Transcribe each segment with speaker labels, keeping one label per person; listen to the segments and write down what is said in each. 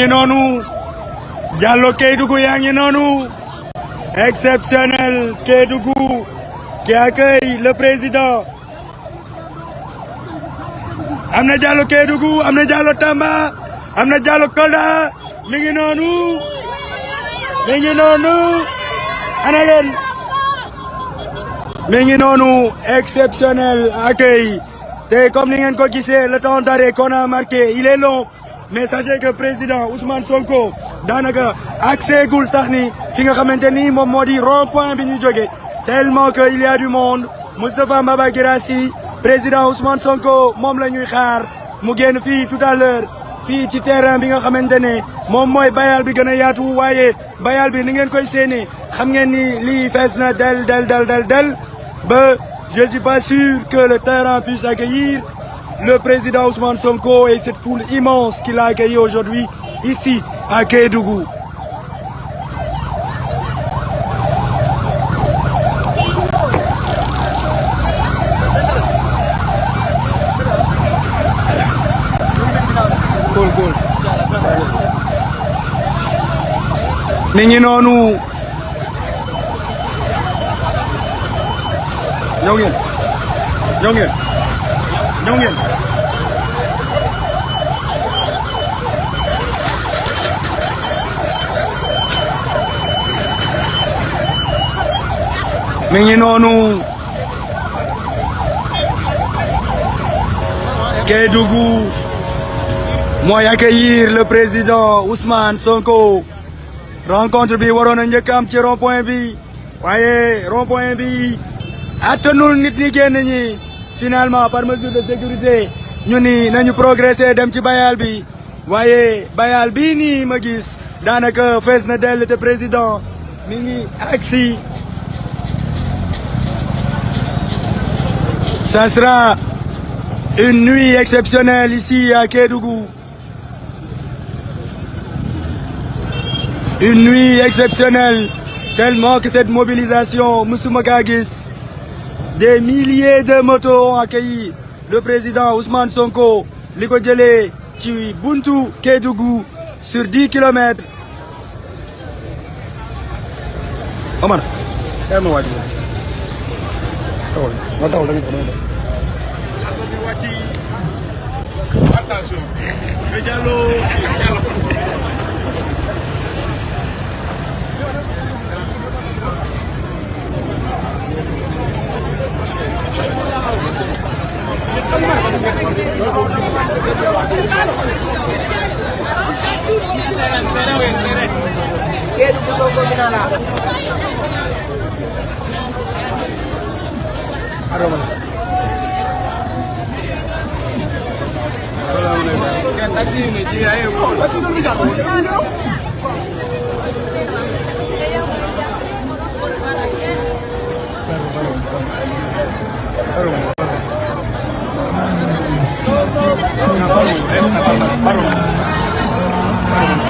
Speaker 1: ngi noonu Diallo Kédougou yaa ngi noonu le président am na Diallo Kédougou am na Diallo Tamba am na Diallo Kolda mi ngi noonu mi exceptionnel accueil te comme ni ngeen ko gisee le temps d'arrêt qu'on a marqué il est long mais sachez que président Ousmane Sonko daanaka accès gul sax ni ki nga xamante ni moom moo di rond point bi ñu jógee tellement que il y a du monde Moustapha Mbaba Guirassy président Ousmane Sonko moom la ñuy xaar mu génn fii tout à l'heure fii ci terrain bi nga xamante ne moom mooy bayal bi gën a yaatu waaye bayal bi ni ngeen koy séenee xam ngeen ni lii fees na del del del del del ba je suis pas sûr que le terrain puisse accueillir le président Ousmane Sonko et cette foule immense qu'il a accueillie aujourd'hui ici à Kédougou. ni ngi noonu ñëw ngeen ñëw ngeen ñëw ngeen. mi ngi noonu Kédougou mooy accueillir le président Ousmane Sonko rencontre bi waroon na njëkk am ci rond bi waaye rond-point bi attanul nit ñi génn ñi finalement par mesure de sécurité ñu ni nañu progresser dem ci bayal bi waaye bayal bi nii ma gis daanaka fees na dell te président mi ngi agsi ça sera une nuit exceptionnelle ici à Kédougou une nuit exceptionnelle tellement que cette mobilisation musuma kaa des milliers de motos ont accueilli le président Ousmane Sonko li ko jëlee ci Buntu Kédougou sur dix kilomètres. Omar. Attention. Minana. Aroma. Aroma.
Speaker 2: Aroma.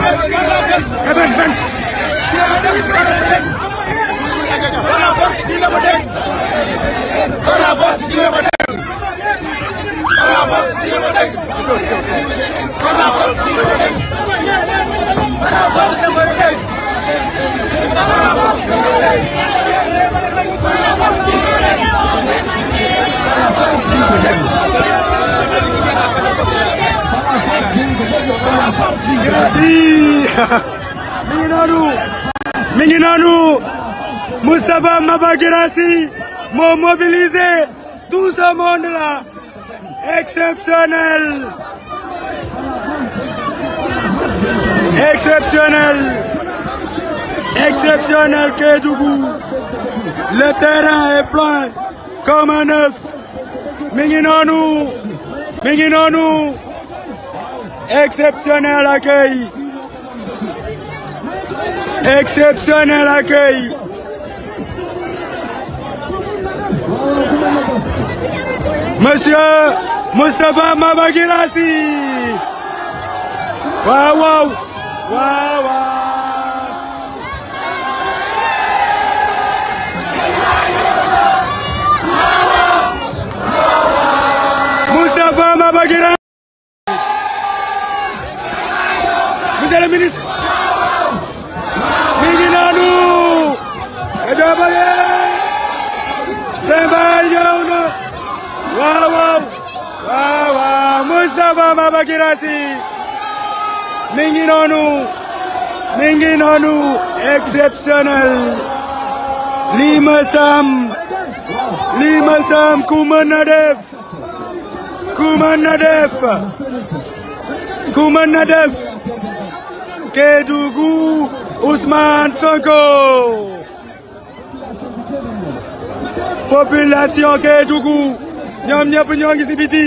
Speaker 1: Eben ben. Sana bot dina ko denc.
Speaker 2: Sana
Speaker 1: merci mi ngi noonu moo mobilisé tout ce monde là exceptionnel exceptionnel exceptionnel le terrain est plein comme un œuf mi ngi Exceptionnel accueil. Exceptionnel Monsieur Moustapha Mabagirassi. Waouh,
Speaker 2: waouh.
Speaker 1: ngi noonu exceptionnel lii mësta lii mësta ku mën def ku mën def ku mën na def Kédougou Ousmane Sonko population Kédougou ñoom ñëpp ñoo ngi ci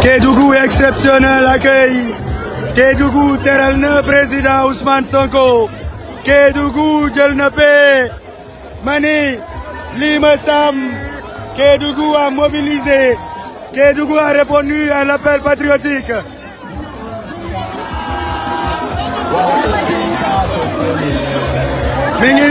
Speaker 1: Kédougou exceptionnel accueil Kédougou teral na président Ousmane Sonko Kédougou jël na paix mani lii ma sam Kédougou a mobilisé Kédougou a répondu à l'appel patriotique mi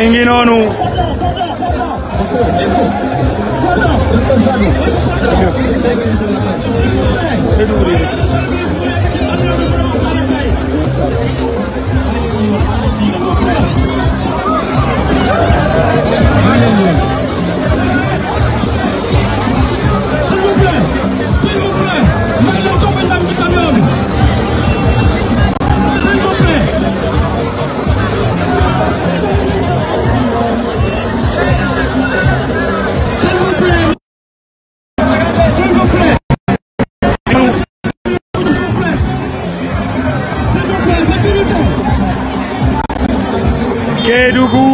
Speaker 1: mi ngi noonu Thank you. Kédougou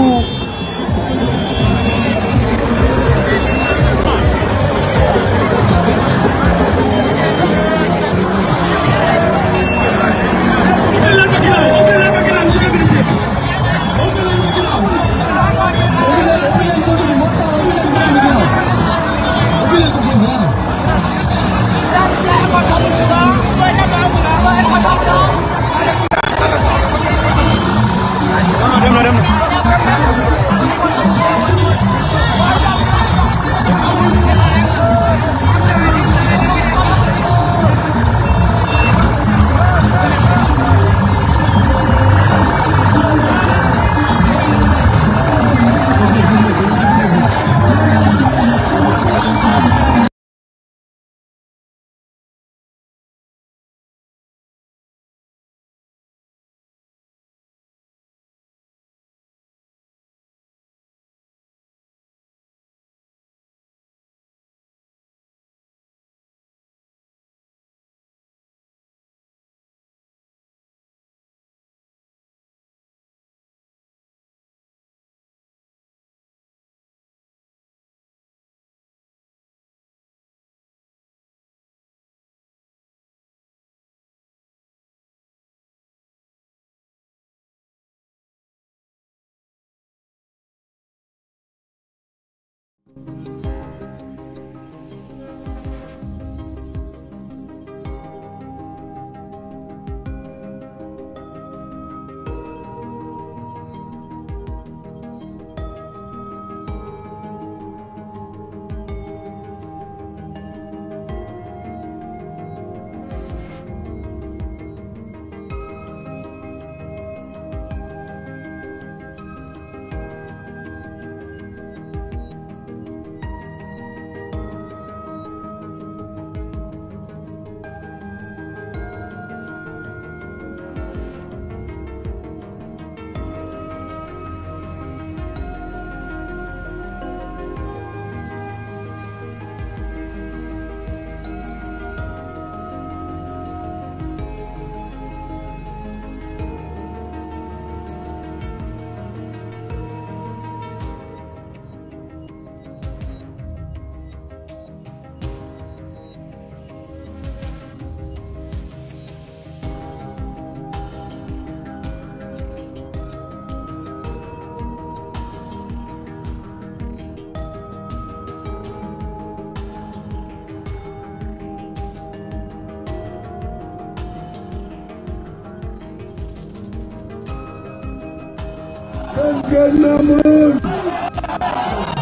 Speaker 3: kenn amul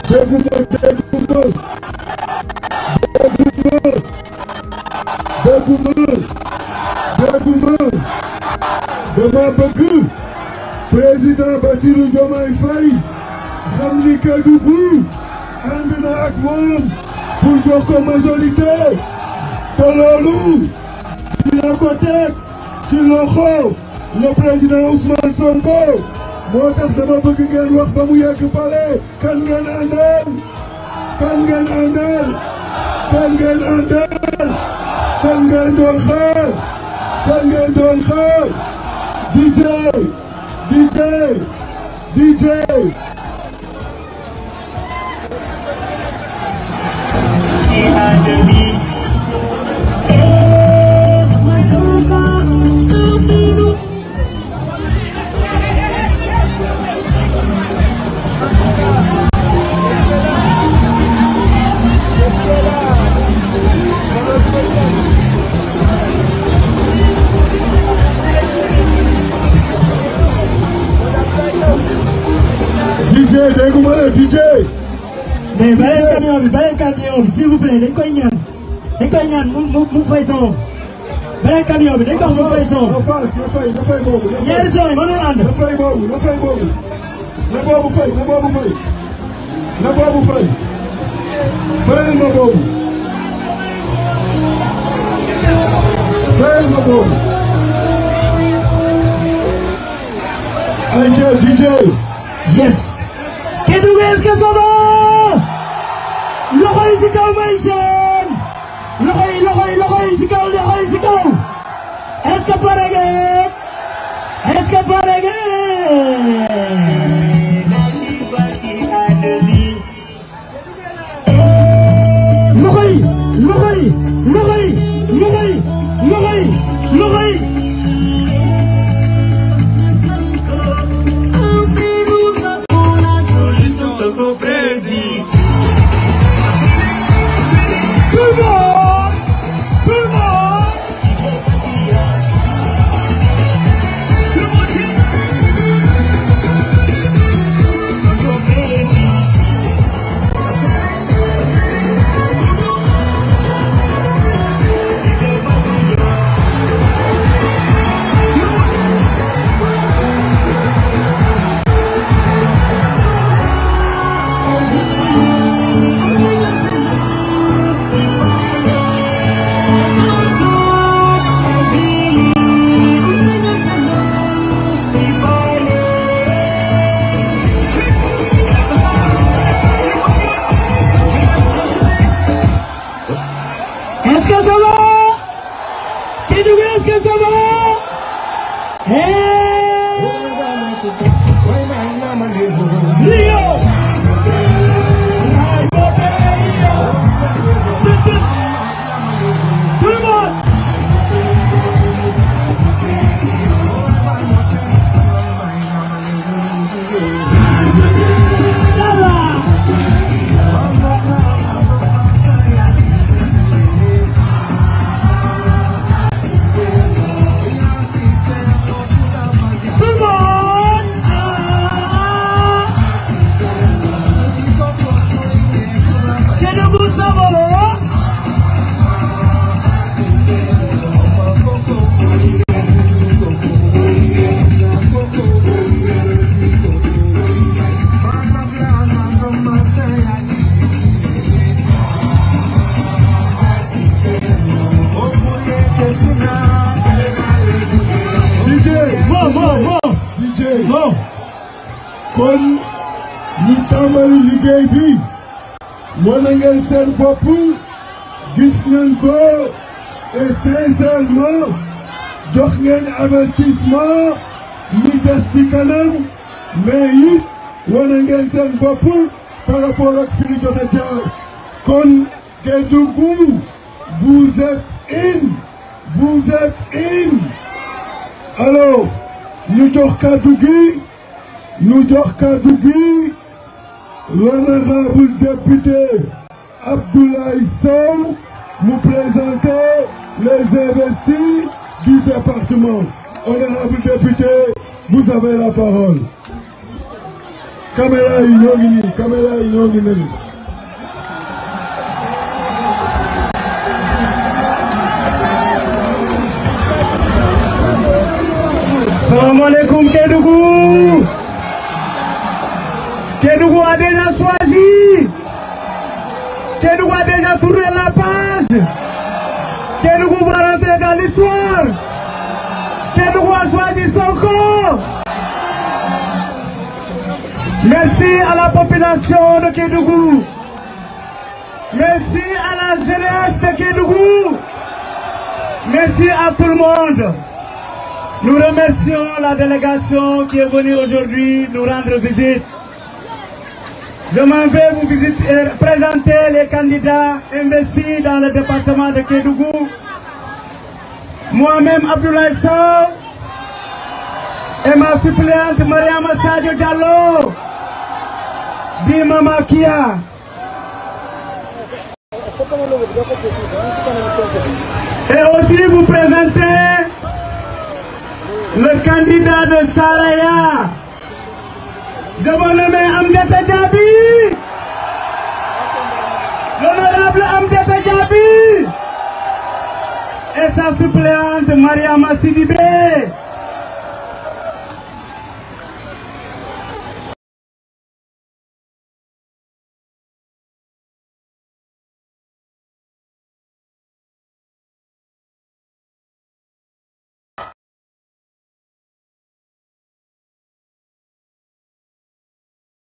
Speaker 3: dégguma dégguma dégguma dégguma dama bëgg président Bassirou Diomaye Faye xam ni Kédougou ànd na ak moom pour jox ko majorité te loolu dama bëgg ngeen wax ba mu yegg pale kan ngeen àndal kan ngeen àndal kan kan ngeen doon xaar kan ngeen doon xaar DJ DJ DJ
Speaker 1: DJ déggu ma ne DJ. mais beneen camion bi beneen camion bi s'il vous plaît dañ koy ñaan dañ koy ñaan mu mu fay son. beneen camion bi dañ ko mu fay son. na
Speaker 3: fas na fay na fay boobu. ñaari son yi
Speaker 1: mënul ànd. na fay boobu na fay boobu.
Speaker 3: na boobu fay na boobu fay. na boobu fay. fayal ma boobu. fayal ma boobu. ay DJ DJ.
Speaker 1: yes. Tabaski Sodo loxo yi si kaw may seen loxo yi loxo yi loxo yi si kaw loxo yi si kaw est-ce
Speaker 2: que pare ngeen est-ce que pare ngeen
Speaker 3: kon ñu tàmbali liggéey bi wane ngeen seen bopp gis ngeen ko et sincèrement jox ngeen avertissement ñi des ci kanam mais it wane seen bopp par ak fi ñu jot a jaar kon Kédougou vous êtes in vous in alors ñu jox kàddu gi ñu jox kàddu gi l'honorable député Abdoulaye Sow mu présenter les investis du département honorable député vous avez la parole. caméra yi ñoo ngi nii caméra yi ñoo ngi nii.
Speaker 1: Kédougou a déjà choisi. Kédougou a déjà tourné la page. Kédougou va rentrer dans l'histoire. Kédougou a choisi son camp. Merci à la population de Kédougou. Merci à la jeunesse de Kédougou. Merci à tout le monde. Nous remercions la délégation qui est venue aujourd'hui nous rendre visite. Je m'en vais vous visiter, euh, présenter les candidats investis dans le département de Kédougou. Moi-même, Abdoulaye Sow, et ma suppléante Mariama Sadio Diallo, dit Et aussi vous présenter le candidat de Saraya. jamono mais Amdiata Diaby l'honorable Amdiata Diaby et sa suppléante Mariama Sidibé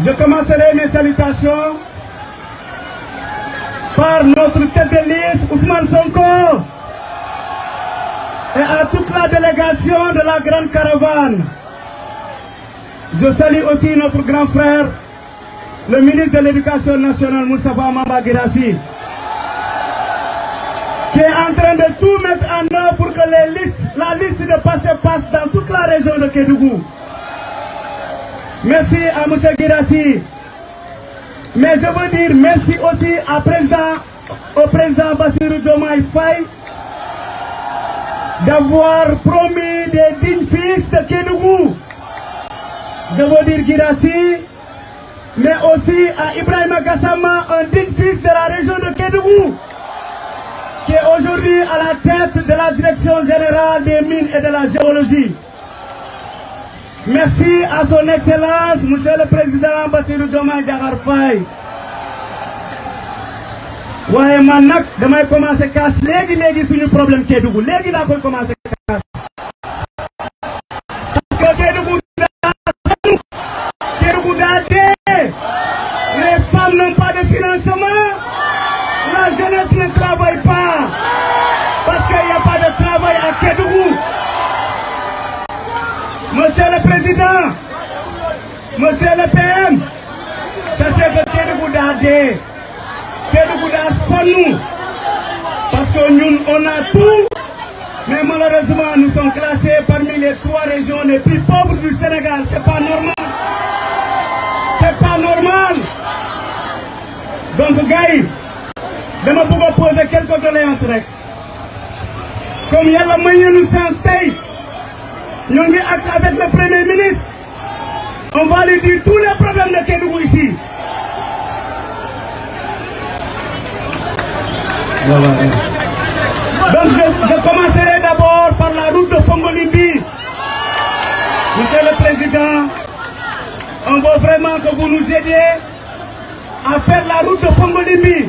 Speaker 1: Je commencerai mes salutations par notre tête de liste, Ousmane Sonko, et à toute la délégation de la Grande Caravane. Je salue aussi notre grand frère, le ministre de l'Éducation nationale, Moustapha Mamba Guirassi, qui est en train de tout mettre en œuvre pour que les listes, la liste de passé passe dans toute la région de Kédougou. Merci à M. Girassi. Mais je veux dire merci aussi à président, au président Bassirou Diomaye Faye d'avoir promis des dignes fils de Kédougou. Je veux dire Girassi, mais aussi à Ibrahim Gassama, un digne fils de la région de Kédougou, qui est aujourd'hui à la tête de la direction générale des mines et de la géologie. Merci à son Excellence, Monsieur le Président Bassirou Diomaye Diakhar Faye. waaye man nag damay commencer kaas léegi léegi suñu problème Kédougou léegi daa koy commencer. chance rek comme yàlla may ñu chance tey ñu ngi ak avec le premier ministre on va dire tous les problèmes de Kédougou ici. donc je je d'abord par la route de Fongolimbi monsieur le président on veut vraiment que vous nous aidiez à faire la route de Fongolimbi.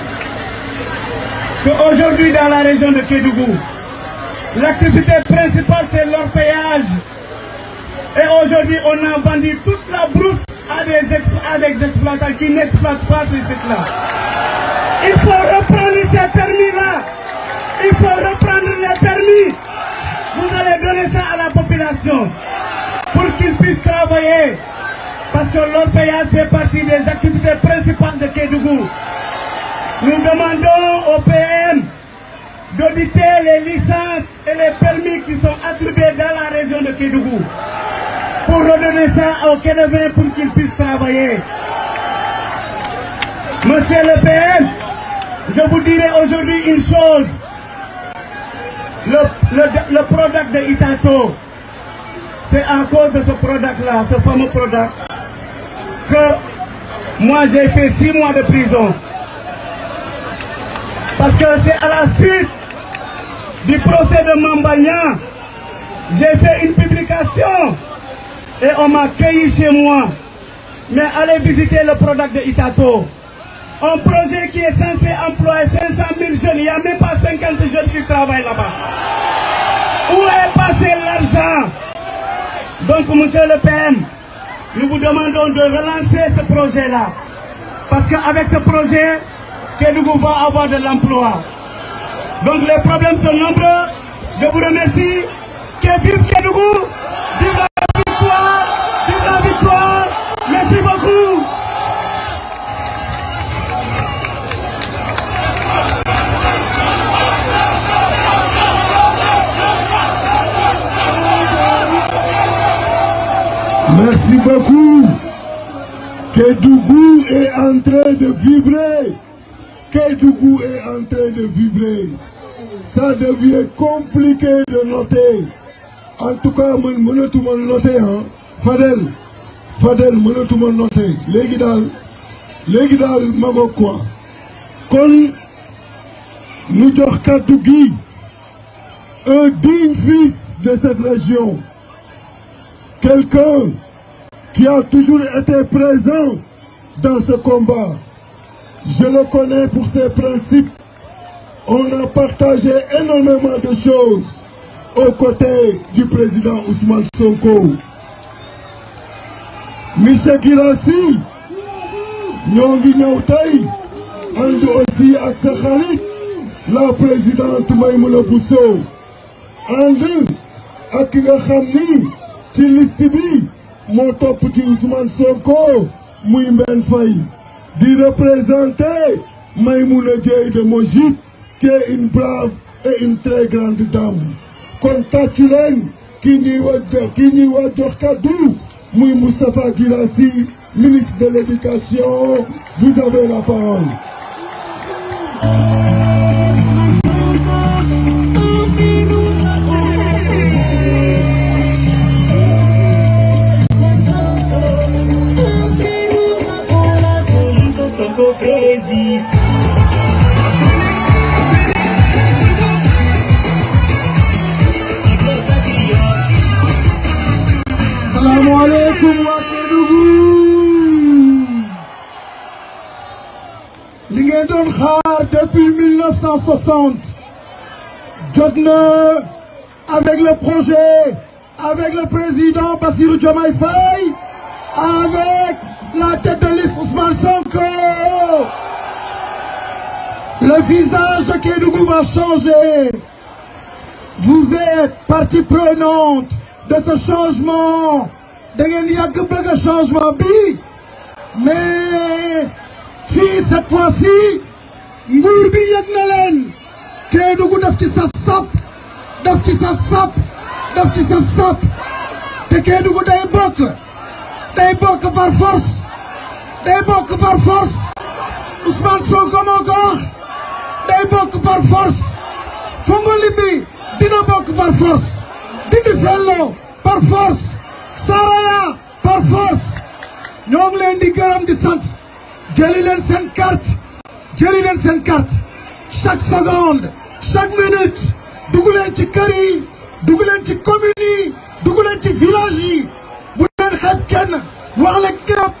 Speaker 1: qu'aujourd'hui dans la région de Kédougou, l'activité principale c'est l'orpaillage. Et aujourd'hui on a vendu toute la brousse à des, qui n'exploitent pas ces sites-là. Il faut reprendre ces permis Vous allez donner ça à la population pour qu'ils puissent travailler. Parce que l'orpaillage fait partie des activités principales de Kédougou. Nous demandons au PM d'auditer les licences et les permis qui sont attribués dans la région de Kédougou pour redonner ça aux Kédougouins pour qu'ils puissent travailler. Monsieur le PM, je vous dirai aujourd'hui une chose. Le, product de Itato, c'est à cause de ce product-là, ce fameux product, que j'ai fait six mois de prison. Parce que c'est à la suite du procès de Mambagna, j'ai fait une publication et on m'a accueilli chez moi. Mais allez visiter le Prodac de Itato. Un projet qui est censé employer jeunes. Il a même pas 50 jeunes qui travaillent là Où est passé l'argent Donc, monsieur le PM, nous vous demandons de relancer ce projet-là. Parce qu'avec ce projet, Kédougou va avoir de l'emploi. Donc les problèmes sont nombreux. Je vous remercie. Que vive Kédougou! Vive la victoire! Merci beaucoup.
Speaker 3: Merci beaucoup. Kédougou est en train de vibrer. Kédougou est en train de vibrer ça devient compliqué de noter en tout cas man mënatuma noter ah Fadel Fadel noter léegi daal léegi daal ma ko quoi kon ñu jox un digne fils de cette région quelqu'un qui a toujours été présent dans ce combat Je le connais pour ses principes. On a partagé énormément de choses aux côtés du président Ousmane Sonko. Michel Guirassy ñoo ngi ñëw tey ànd aussi ak sa xarit la présidente Maïmouna Bousso ànd ak ki nga xam ni ci liste topp ci Ousmane Sonko muy Mbène Faye d'y représenter Maïmouna Dieye de Mojib qui est une brave et une très grande dame kon tàccu leen ki ñuy wajjo ki ñuy wajjox kaddu muy Moustapha Guirassy ministre de l'éducation vous avez la parole
Speaker 2: Sonko crazy
Speaker 4: salaamaaleykum waa Kédougou li ngeen doon xaar depuis 1960 jot na avec le projet avec le président Bassirou Diomaye Faye avec la tête de liste Ousmane Sonko le visage de va changer vous êtes partie prenante de ce changement da ngeen yàgg bëgg a changement bi mais fii cette fois-ci nguur bi yëg na leen Kédougou daf ci saf-sap daf ci saf-sap daf ci saf-sap te Kédougou day bokk day bokk par force day bokk par force Ousmane Sonko moo day bokk par force Fongolimbi dina bokk par force Dindi Fello par force Saraya par force ñoo ngi leen di gërëm di sant jëli leen seen carte jëli leen seen minute dugg leen ci kër yi dugg ci commune yi ci village yi bu leen kenn wax la képp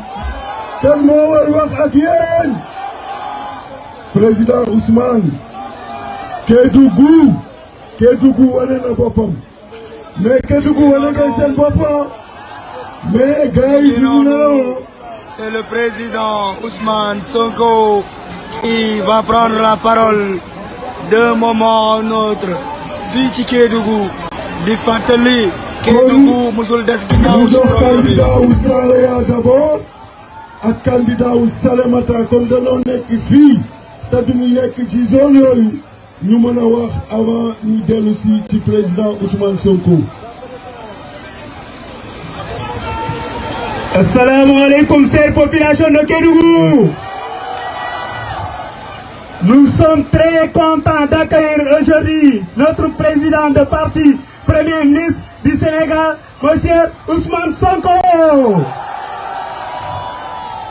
Speaker 3: kan moo war wax ak yéen président Ousmane Kédougou Kédougou wane na boppam mais Kédougou wane na seen boppam ah. mais gars yi duñu nelawoo ah.
Speaker 1: c'est le président Ousmane Sonko qui va prendre la parole d'un moment à un autre fii ci Kédougou di fàttali Kédougou musul des ginnaaw mu jox candidat
Speaker 3: Ousmane d'abord ak candidat wu Salémata comme danoo nekk fii te yekk ci zone yooyu ñu mën a wax avant ñuy dellu ci président Ousmane Sonko.
Speaker 1: asalaamaaleykum chère population de Kédougou. Nous sommes très contents d'accueillir aujourd'hui notre président de parti, Premier ministre du Sénégal, Monsieur Ousmane Sonko.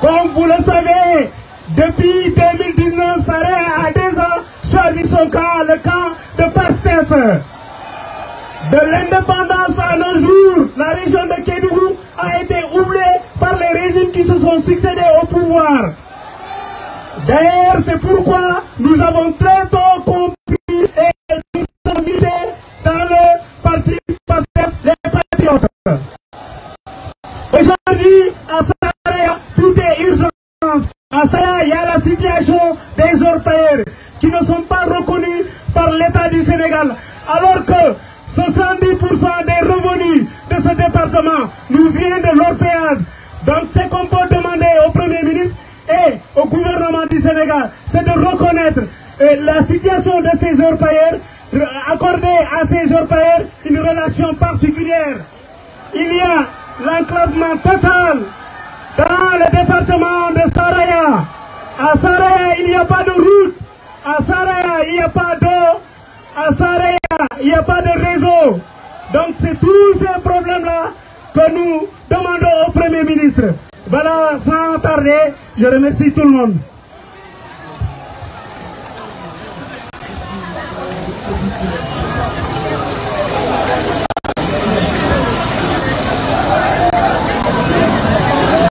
Speaker 1: Comme vous le savez, depuis 2019, Saré a déjà choisi son camp, le camp de Pastef. De l'indépendance à nos jours, la région de Kédougou a été oubliée par les régimes qui se sont succédés au pouvoir. D'ailleurs, c'est pourquoi nous avons très tôt Donc ce qu'on peut demander au Premier ministre et au gouvernement du Sénégal, c'est de reconnaître euh, la situation de ces orpailleurs, euh, accorder à ces orpailleurs une relation particulière. Il y a l'enclavement total dans le département de Saraya. À Saraya, il n'y a pas de route. À Saraya, il n'y a pas de réseau. Donc c'est tous ces problèmes-là que nous demandons au Premier ministre. Voilà, sans tarder, je remercie tout le monde.